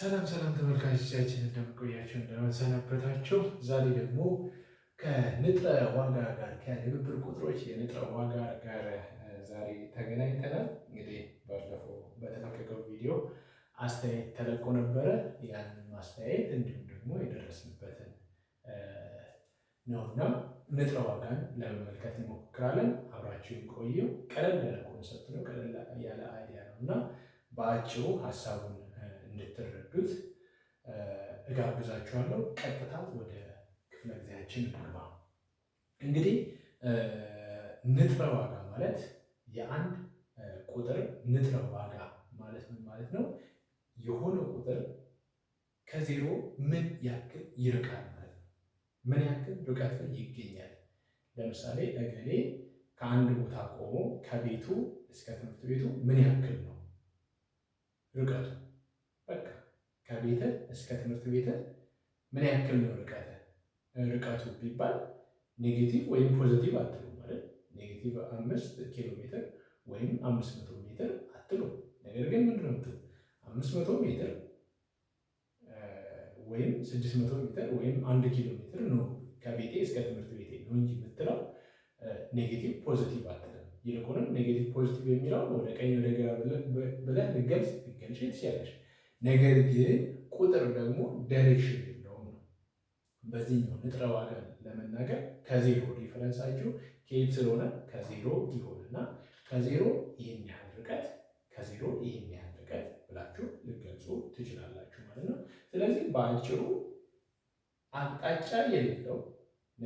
ሰላም ሰላም ተመልካቾቻችን እንደምቆያቸው እንደምንሰነበታቸው። ዛሬ ደግሞ ከንጥረ ዋጋ ጋር ከንብብር ቁጥሮች የንጥረ ዋጋ ጋር ዛሬ ተገናኝተናል። እንግዲህ ባለፈው በተለቀቀው ቪዲዮ አስተያየት ተለቆ ነበረ። ያንን አስተያየት እንዲሁም ደግሞ የደረስንበትን ነውና ንጥረ ዋጋን ለመመልከት እንሞክራለን። አብራችሁን ቆየው። ቀለል ያለ ኮንሰፕት ነው፣ ቀለል ያለ አይዲያ ነው እና በአጭሩ ሀሳቡን እንድትረዱት እጋብዛችኋለሁ። ቀጥታ ወደ ክፍለ ጊዜያችን እንግባ። እንግዲህ ንጥረ ዋጋ ማለት የአንድ ቁጥር ንጥረ ዋጋ ማለት ምን ማለት ነው? የሆነ ቁጥር ከዜሮ ምን ያክል ይርቃል ማለት ነው። ምን ያክል ርቀት ይገኛል። ለምሳሌ እገሌ ከአንድ ቦታ ቆሞ ከቤቱ እስከ ትምህርት ቤቱ ምን ያክል ነው ርቀቱ? በቃ ከቤተ እስከ ትምህርት ቤተ ምን ያክል ነው ርቀት ርቀቱ ቢባል ኔጌቲቭ ወይም ፖዘቲቭ አትሉ ማለት ኔጌቲቭ አምስት ኪሎ ሜትር ወይም አምስት መቶ ሜትር አትሉ። ነገር ግን ምንድነው ምትሉ አምስት መቶ ሜትር ወይም ስድስት መቶ ሜትር ወይም አንድ ኪሎ ሜትር ነው ከቤቴ እስከ ትምህርት ቤቴ ነው እንጂ የምትለው ኔጌቲቭ ፖዘቲቭ አትልም። ይልቁንም ኔጌቲቭ ፖዘቲቭ የሚለው ወደ ቀኝ ወደ ግራ ብለህ ልገልጽ ልገልጽ ትችላለሽ። ነገር ግን ቁጥር ደግሞ ደሬሽን የለውም ነው። በዚህኛው ንጥረ ዋጋ ለመናገር ከዜሮ ዲፈረንሳችሁ ከየት ስለሆነ ከዜሮ ይሆንና ከዜሮ ይህን ያህል ርቀት ከዜሮ ይህን ያህል ርቀት ብላችሁ ልገልጹ ትችላላችሁ ማለት ነው። ስለዚህ በአጭሩ አቅጣጫ የሌለው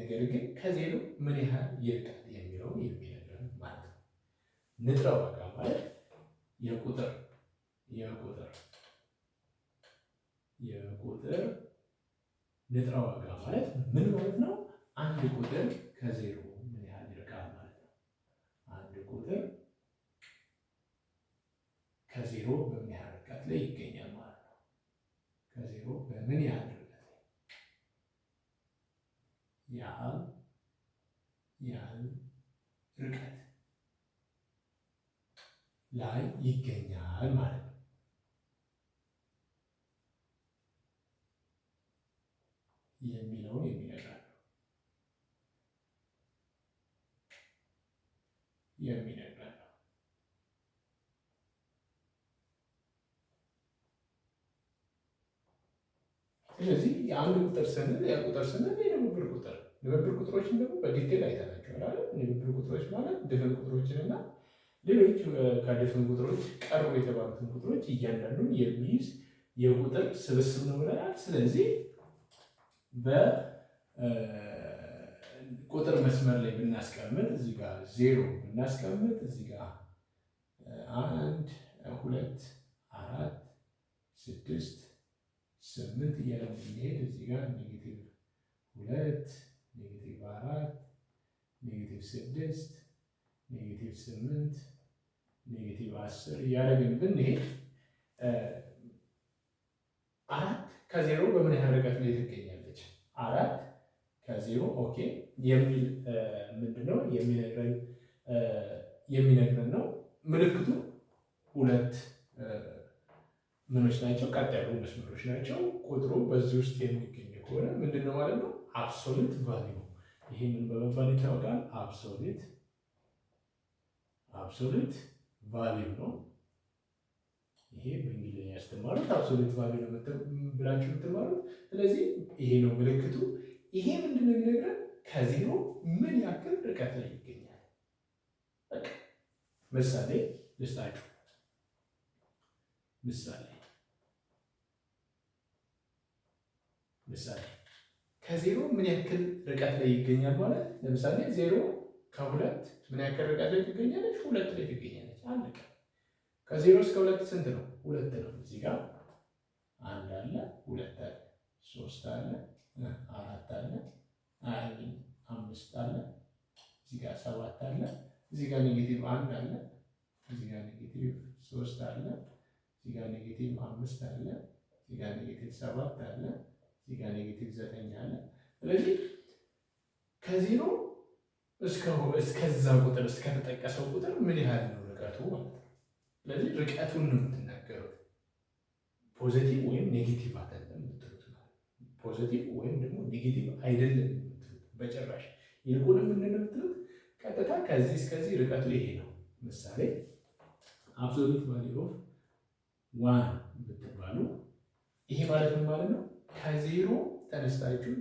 ነገር ግን ከዜሮ ምን ያህል ይርቃል የሚለውን የሚነግረን ማለት ነው። ንጥረ ዋጋ ማለት የቁጥር የቁጥር የቁጥር ንጥረ ዋጋ ማለት ምን ማለት ነው? አንድ ቁጥር ከዜሮ ምን ያህል ይርቃል ማለት ነው። አንድ ቁጥር ከዜሮ በምን ያህል ርቀት ላይ ይገኛል ማለት ነው። ከዜሮ በምን ያህል ርቀት ላይ ያህል ያህል ርቀት ላይ ይገኛል ማለት ነው። ስለዚህ የአንድ ቁጥር ስንል የቁጥር ስንል የንብብር ቁጥር ንብብር ቁጥሮችን ደግሞ በዲቴል አይተናቸዋል። ንብብር ቁጥሮች ማለት ድፍን ቁጥሮችን እና ሌሎች ከድፍን ቁጥሮች ቀርቦ የተባሉትን ቁጥሮች እያንዳንዱን የሚይዝ የቁጥር ስብስብ ነው ብለናል። ስለዚህ በቁጥር መስመር ላይ ብናስቀምጥ እዚህ ጋር ዜሮ ብናስቀምጥ እዚህ ጋር አንድ ሁለት አራት ስድስት ስምንት እያለ ስንሄድ እዚህ ጋር ኔጌቲቭ ሁለት ኔጌቲቭ አራት ኔጌቲቭ ስድስት ኔጌቲቭ ስምንት ኔጌቲቭ አስር እያደረግን ብንሄድ አራት ከዜሮ በምን ያህል ርቀት ላይ ትገኛለች? አራት ከዜሮ ኦኬ የሚል ምንድነው የሚነግረን የሚነግረን ነው ምልክቱ ሁለት ምኖች ናቸው? ቀጥ ያሉ መስመሮች ናቸው። ቁጥሩ በዚህ ውስጥ የሚገኝ ከሆነ ምንድን ነው ማለት ነው? አብሶሉት ቫሊዩ ይሄ ምን በመባል ይታወቃል? አብሶሉት አብሶሉት ቫሊዩ ነው። ይሄ በእንግሊዝኛ ያስተማሩት አብሶሉት ቫሊዩ ነው ብላችሁ የምትማሩት። ስለዚህ ይሄ ነው ምልክቱ። ይሄ ምንድን ነው የሚነግረን? ከዜሮ ምን ያክል ርቀት ላይ ይገኛል። በቃ ምሳሌ ልስጣችሁ። ምሳሌ ምሳሌ ከዜሮ ምን ያክል ርቀት ላይ ይገኛል ማለት ለምሳሌ ዜሮ ከሁለት ምን ያክል ርቀት ላይ ትገኛለች? ሁለት ላይ ትገኛለች። አለቀ። ከዜሮ እስከ ሁለት ስንት ነው? ሁለት ነው። እዚህ ጋር አንድ አለ፣ ሁለት አለ፣ ሶስት አለ፣ አራት አለ፣ አምስት አለ፣ እዚህ ጋር ሰባት አለ፣ እዚህ ጋር ኔጌቲቭ አንድ አለ፣ እዚህ ጋር ኔጌቲቭ ሶስት አለ፣ እዚህ ጋር ኔጌቲቭ አምስት አለ፣ እዚህ ጋር ኔጌቲቭ ሰባት አለ እዚህ ጋር ኔጌቲቭ ዘጠኝ አለ። ስለዚህ ከዜሮ እስከዛ ቁጥር እስከተጠቀሰው ቁጥር ምን ያህል ነው ርቀቱ ማለት ነው። ስለዚህ ርቀቱን ነው የምትናገሩት። ፖዘቲቭ ወይም ኔጌቲቭ አይደለም የምትሉት ፖዘቲቭ ወይም ደግሞ ኔጌቲቭ አይደለም የምትሉት በጭራሽ። ይልቁንም ምንድን ነው የምትሉት ቀጥታ ከዚህ እስከዚህ ርቀቱ ይሄ ነው። ምሳሌ አብሶሉት ቫሊዩ ኦፍ ዋን ብትባሉ ይሄ ማለት ምን ማለት ነው? ከዜሮ ተነስታችሁ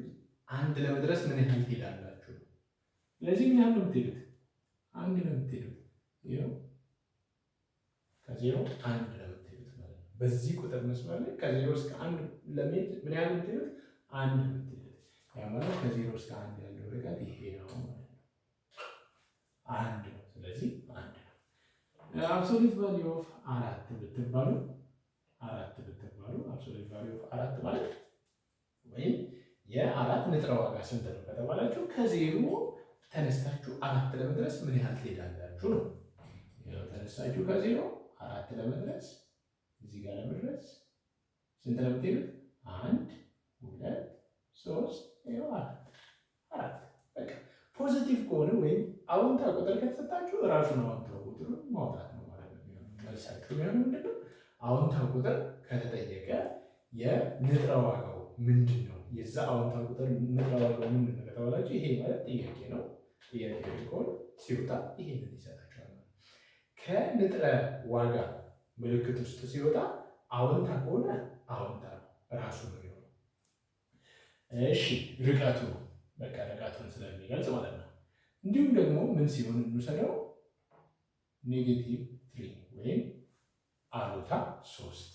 አንድ ለመድረስ ምን ያህል ትሄዳላችሁ? ስለዚህ ምን ያህል ነው የምትሄዱት? አንድ ነው የምትሄዱት። ይኸው ከዜሮ አንድ ነው የምትሄዱት ማለት ነው። በዚህ ቁጥር መስመር ላይ ከዜሮ እስከ አንድ ለመሄድ ምን ያህል የምትሄዱት? አንድ ነው የምትሄዱት። ያ ማለት ከዜሮ እስከ አንድ ያለው ርቀት ይሄ ነው ማለት ነው። አንድ ነው። ስለዚህ አንድ ነው። አብሶሉት ቫሊዩ ኦፍ አራት ብትባሉ አራት ብትባሉ አብሶሉት ቫሊዩ ኦፍ አራት ማለት ወይም የአራት ንጥረ ዋጋ ስንት ነው ከተባላችሁ ከዜሮ ተነስታችሁ አራት ለመድረስ ምን ያህል ትሄዳላችሁ ነው። ተነስታችሁ ከዜሮ አራት ለመድረስ እዚህ ጋር ለመድረስ ስንት ነው የምትሄዱት? አንድ ሁለት ሶስት አራት አራት። በቃ ፖዚቲቭ ከሆነ ወይም አዎንታ ቁጥር ከተሰጣችሁ እራሱ ነው አውንታው ቁጥሩ ማውጣት ነው ማለት ነው። መልሳችሁ ሚሆን ምንድነው? አዎንታ ቁጥር ከተጠየቀ የንጥረ ዋጋ ምንድን ነው? የዛ አዎንታ ቁጥር ምንድን ነው ከተባላችሁ ይሄ ማለት ጥያቄ ነው። ጥያቄ ከሆነ ሲወጣ ይሄንን ይሰጣችኋል። ከንጥረ ዋጋ ምልክት ውስጥ ሲወጣ አዎንታ ከሆነ አዎንታ ነው ራሱ ነው የሚሆነው። እሺ ርቀቱ በቃ ርቀቱን ስለሚገልጽ ማለት ነው። እንዲሁም ደግሞ ምን ሲሆን የምንሰራው ኔጌቲቭ ትሪ ወይም አሉታ ሶስት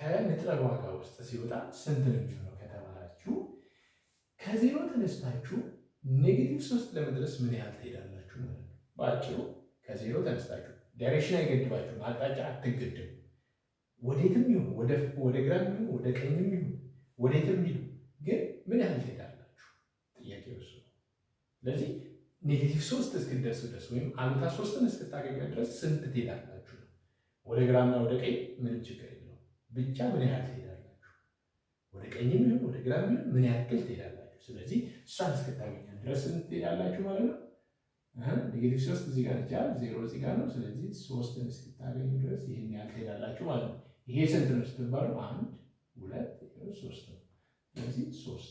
ከንጥረ ዋጋ ውስጥ ሲወጣ ስንት ነው የሚሆነው ከተባላችሁ ከዜሮ ተነስታችሁ ኔጌቲቭ ሶስት ለመድረስ ምን ያህል ትሄዳላችሁ ማለት ነው። በአጭሩ ከዜሮ ተነስታችሁ ዳይሬክሽን አይገድባችሁም፣ አቅጣጫ አትገድም? ወዴትም ይሁን ወደ ግራም ይሁን ወደ ቀኝም ይሁን ወዴትም ይሁን ግን ምን ያህል ትሄዳላችሁ ጥያቄ እሱ ስለዚህ ኔጌቲቭ ሶስት እስክደርስ ድረስ ወይም አሉታ ሶስትን እስክታገኙ ድረስ ስንት ትሄዳላችሁ ነው። ወደ ግራምና ወደ ቀኝ ምንም ችግር ብቻ ምን ያህል ትሄዳላችሁ? ወደ ቀኝም ይሁን ወደ ግራ ይሁን ምን ያክል ትሄዳላችሁ? ስለዚህ እሷን እስክታገኛ ድረስ ትሄዳላችሁ ማለት ነው። ኔጌቲቭ ሶስት እዚህ ጋር ይቻል ዜሮ እዚህ ጋር ነው። ስለዚህ ሶስትን እስክታገኙ ድረስ ይህን ያህል ትሄዳላችሁ ማለት ነው። ይሄ ስንት ነው ስትባሉ አንድ ሁለት ሶስት ነው። ስለዚህ ሶስት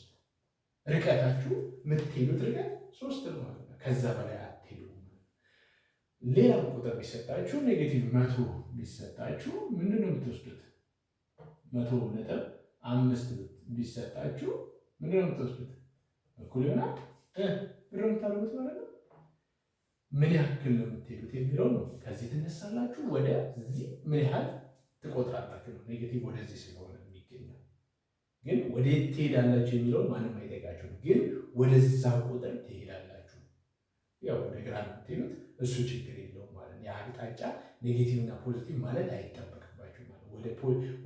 ርቀታችሁ የምትሄዱት ርቀት ሶስት ነው ማለት ነው። ከዛ በላይ አትሄዱ። ሌላ ቁጥር ቢሰጣችሁ ኔጌቲቭ መቶ ቢሰጣችሁ ምንድን ነው የምትወስዱት? መቶ ነጥብ አምስት ቢሰጣችሁ ምንድን ነው የምትወስዱት? እኩል ይሆናል ብር የምታደርጉት ማለት ነው። ምን ያክል ነው የምትሄዱት የሚለው ነው። ከዚህ ትነሳላችሁ፣ ወደዚህ ምን ያህል ትቆጥራላችሁ ነው። ኔጌቲቭ ወደዚህ ስለሆነ የሚገኘው ግን ወዴት ትሄዳላችሁ የሚለውን ማንም አይጠይቃችሁም። ግን ወደዛ ቁጥር ትሄዳላችሁ። ያው ወደ ግራ የምትሄዱት እሱ ችግር የለውም ማለት ነው። የአቅጣጫ ኔጌቲቭ እና ፖዚቲቭ ማለት አይጠበቅም።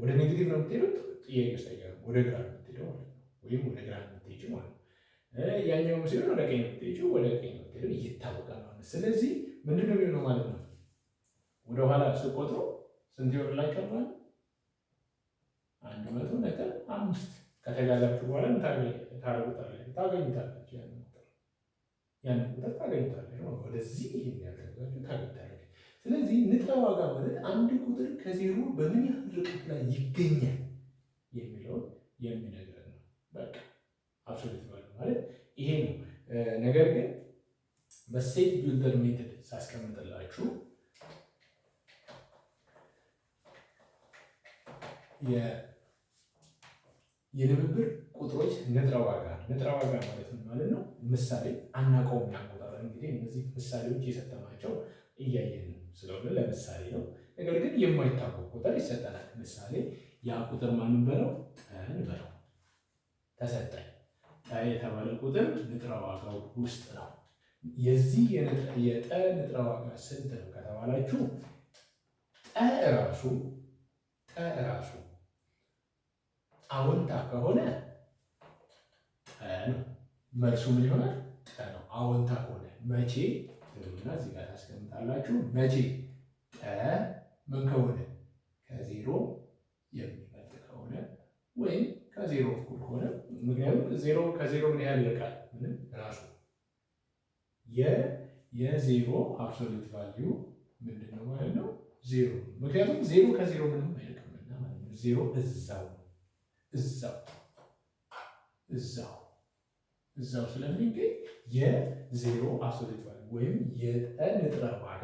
ወደ ኔጌቲቭ ነው የምትሄዱት፣ ጥያቄ ውስጥ አይገባም። ወደ ግራ ነው ማለት ነው፣ ወይም ወደ ግራ ነው የምትሄጂው ማለት ነው። ያኛው ሲሆን ወደ ቀኝ ነው ወደ ቀኝ ነው ይታወቃል ማለት ነው። ስለዚህ ምንድን ነው የሚሆነው ማለት ነው? ወደኋላ ስቆጥሩ ስንት ይወርድላችኋል ማለት ነው? አንድ መቶ ነጥብ አምስት ከተጋዛችሁ በኋላ ታረጉታላችሁ፣ ታገኙታላችሁ፣ ያንን ቁጥር ታገኙታላችሁ። ወደዚህ ይሄን ያደረጋችሁ ታገኙታላችሁ። ስለዚህ ንጥረ ዋጋ ማለት አንድ ቁጥር ከዜሮ በምን ያህል ርቀት ላይ ይገኛል የሚለውን የሚነግረን ነው። በቃ አብሶሉት ቫሉ ማለት ይሄ ነው። ነገር ግን በሴት ቢልደር ሜትድ ሳስቀምጥላችሁ የንብብር ቁጥሮች ንጥረ ዋጋ ንጥረ ዋጋ ማለት ምን ማለት ነው? ምሳሌ አናውቀውም። ያቆጣጠር እንግዲህ እነዚህ ምሳሌዎች የሰጠናቸው እያየን ስለሆነ ለምሳሌ ነው። ነገር ግን የማይታወቅ ቁጥር ይሰጠናል። ምሳሌ ያ ቁጥር ማንን በለው ጠን በለው ተሰጠኝ። ጠ የተባለ ቁጥር ንጥረ ዋጋው ውስጥ ነው። የዚህ የጠ ንጥረ ዋጋ ስንት ነው ከተባላችሁ ጠ ራሱ ጠ አዎንታ ከሆነ ጠ ነው መልሱ ምን ይሆናል? ጠ ነው አዎንታ ከሆነ መቼ ትሉና እዚህ ጋር ታስቀምጣላችሁ። መቼ ጠ ምን ከሆነ ከዜሮ የሚበልጥ ከሆነ ወይም ከዜሮ እኩል ከሆነ ምክንያቱም ዜሮ ከዜሮ ምን ያህል ይርቃል? ምንም ራሱ የዜሮ አብሶሉት ቫልዩ ምንድን ነው ማለት ነው? ዜሮ ምክንያቱም ዜሮ ከዜሮ ምንም አይርቅምና ማለት ነው። ዜሮ እዛው እዛው እዛው እዛው ስለሚገኝ የዜሮ አብሶሉት ቫልዩ ወይም የጠን ንጥረ ዋጋ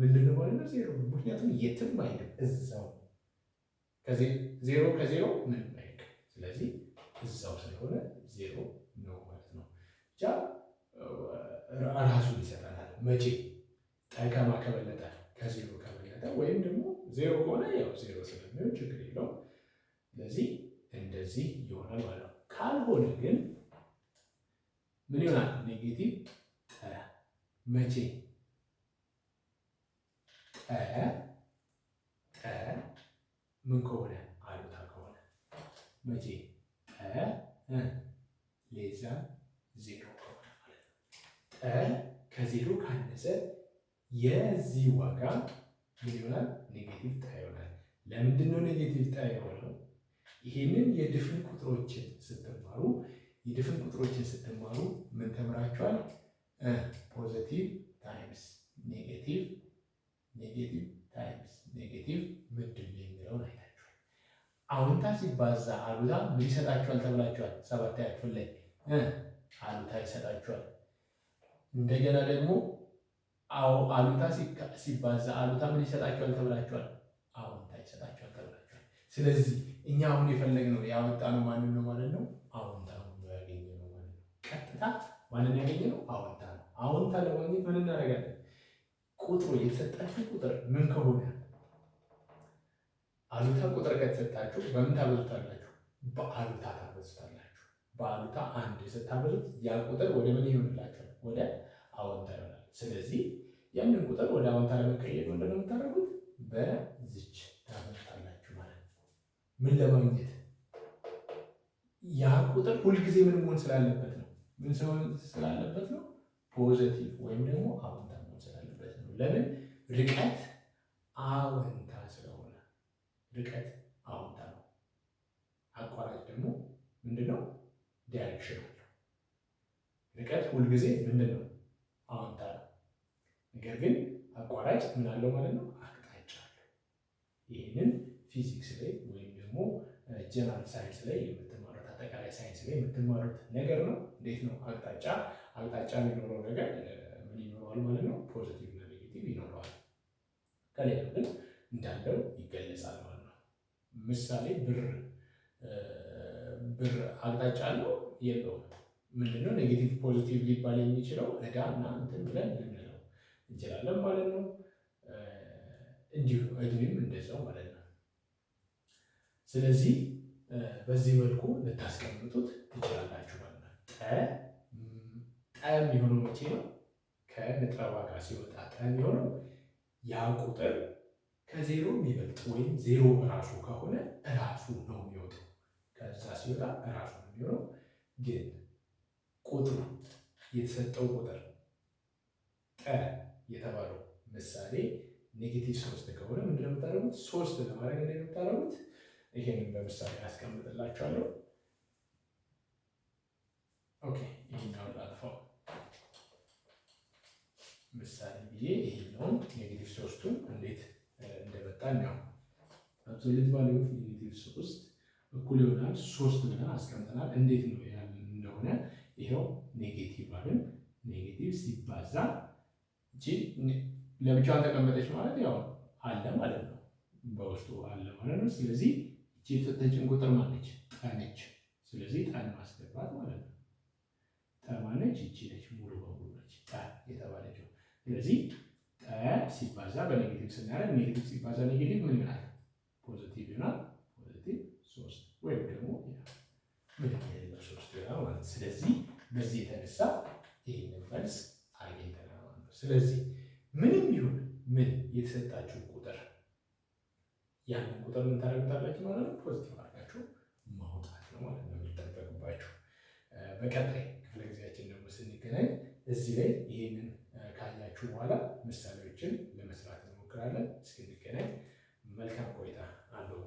ምንድነው ማለት ነው? ዜሮ። ምክንያቱም የትም አይልም እዛው ዜሮ ከዜሮ ምንም አይልም። ስለዚህ እዛው ስለሆነ ዜሮ ነው ማለት ነው። ብቻ ራሱን ይሰጠናል። መቼ ጠቀማ ከበለጠ ከዜሮ ከበለጠ ወይም ደግሞ ዜሮ ከሆነ ያው ዜሮ ስለሚሆን ችግር የለው። ስለዚህ እንደዚህ ይሆናል ማለት ነው። ካልሆነ ግን ምን ይሆናል? ኔጌቲቭ መቼ ጠ ጠ ምን ከሆነ አሉታ ከሆነ መቼ ጠ ሌዛ ዜሮ ከሆነ ጠ ከዜሮ ካነሰ የዚህ ዋጋ ምን ይሆናል? ኔጌቲቭ ጠ ይሆናል። ለምንድን ነው ኔጌቲቭ ጠ የሆነው? ይህንን የድፍን ቁጥሮችን ስትማሩ የድፍን ቁጥሮችን ስትማሩ ምን ተምራችኋል? ፖዘቲቭ ታይምስ ኔጌቲቭ ኔጌቲቭ ታይምስ ኔጌቲቭ ምንድን ነው የሚለውን አይታችኋል። ሲባዛ አሉታ ምን ይሰጣችኋል ተብላችኋል? ሰባተኛ ክፍል ላይ አሉታ ይሰጣችኋል። እንደገና ደግሞ አሉታ ሲባዛ አሉታ ምን ይሰጣችኋል ተብላችኋል? አዎንታ ይሰጣችኋል ተብላችኋል። ስለዚህ እኛ አሁን የፈለግነው ያወጣነው ማንን ነው ማለት ነው? አዎንታ ነው ያገኘነው ማለት ነው። ቀጥታ ማንን ያገኘነው? አዎንታ አዎንታ ለማግኘት ምን እናደርጋለን? ቁጥሩ የተሰጣችሁ ቁጥር ምን ከሆነ አሉታ ቁጥር ከተሰጣችሁ በምን ታበዙታላችሁ? በአሉታ ታበዙታላችሁ። በአሉታ አንድ ስታበዙት ያ ቁጥር ወደ ምን ይሆንላችኋል? ወደ አዎንታ ይሆናል። ስለዚህ ያንን ቁጥር ወደ አዎንታ ለመቀየር ምንድን ነው የምታደርጉት? በዝች ታበዙታላችሁ ማለት ነው። ምን ለማግኘት ያ ቁጥር ሁልጊዜ ምን መሆን ስላለበት ነው? ምን ሰሆን ስላለበት ነው ፖዘቲቭ ወይም ደግሞ አዎንታ መሆን ስላለበት ነው። ለምን ርቀት አዎንታ ስለሆነ፣ ርቀት አዎንታ ነው። አቋራጭ ደግሞ ምንድነው? ዳይሬክሽን አለው። ርቀት ሁልጊዜ ምንድነው? አዎንታ ነው። ነገር ግን አቋራጭ ምናለው ማለት ነው? አቅጣጫ አለ። ይህንን ፊዚክስ ላይ ወይም ደግሞ ጀነራል ሳይንስ ላይ አጠቃላይ ሳይንስ ላይ የምትማሩት ነገር ነው። እንዴት ነው አቅጣጫ አቅጣጫ የሚኖረው ነገር ምን ይኖረዋል ማለት ነው? ፖዚቲቭ እና ኔጌቲቭ ይኖረዋል። ከሌላ ግን እንዳለው ይገለጻል ማለት ነው። ምሳሌ ብር ብር አቅጣጫ አለው የለውም? ምንድነው ኔጌቲቭ ፖዚቲቭ ሊባል የሚችለው እዳ እና እንትን ብለን ልንለው እንችላለን ማለት ነው። እንዲሁ እድሜም እንደዛው ማለት ነው። ስለዚህ በዚህ መልኩ ልታስቀምጡት ትችላላችሁ ማለት ነው። ጠ የሚሆነው መቼ ነው? ከንጥረ ዋጋ ሲወጣ ጠ የሚሆነው ያ ቁጥር ከዜሮ የሚበልጥ ወይም ዜሮ እራሱ ከሆነ እራሱ ነው የሚወጣው። ከዛ ሲወጣ እራሱ ነው የሚሆነው። ግን ቁጥሩ የተሰጠው ቁጥር ጠ የተባለው ምሳሌ ኔጌቲቭ ሶስት ከሆነ ምንድን ነው የምታደርጉት? ሶስት ለማድረግ ነው የምታደርጉት ይህንን በምሳሌ ያስቀምጥላችኋለሁ። ኦኬ ይሄኛውን ላጥፋው ምሳሌ ብዬ ይሄኛውን ኔጌቲቭ ሶስቱ እንዴት እንደመጣ ነው አብሶሉት ቫልዩ ኔጌቲቭ ሶስት እኩል ይሆናል ሶስት ብለን አስቀምጠናል። እንዴት ነው ያህል እንደሆነ ይኸው ኔጌቲቭ አለን። ኔጌቲቭ ሲባዛ እቺ ለብቻዋን ተቀመጠች ማለት ያው አለ ማለት ነው፣ በውስጡ አለ ማለት ነው። ስለዚህ የተሰጠችን ቁጥር ማነች? ጠነች። ስለዚህ ጠን ማስገባት ማለት ነው። ጠማነች እቺ ነች ሙሉ በሙሉ ነች ጠ የተባለችው። ስለዚህ ጠ ሲባዛ በኔጌቲቭ ስናያለን ኔጌቲቭ ሲባዛ ኔጌቲቭ ምን ይሆናል? ፖዚቲቭ ይሆናል። ፖዚቲቭ ሶስት ወይም ደግሞ ሶስት ይሆናል ማለት ነው። ስለዚህ በዚህ የተነሳ ይህንን መልስ አግኝተናል ማለት ነው። ስለዚህ ምንም ይሁን ምን የተሰጣችሁ ቁጥር ያን ቁጥር ምን ታደርጉታላችሁ ማለት ነው? ፖዚቲቭ አድርጋችሁ ማውጣት ነው ማለት ነው የሚጠበቅባችሁ። በቀጣይ ክፍለ ጊዜያችን ደግሞ ስንገናኝ እዚህ ላይ ይህንን ካላችሁ በኋላ ምሳሌዎችን ለመስራት እንሞክራለን። እስክንገናኝ መልካም ቆይታ አለው።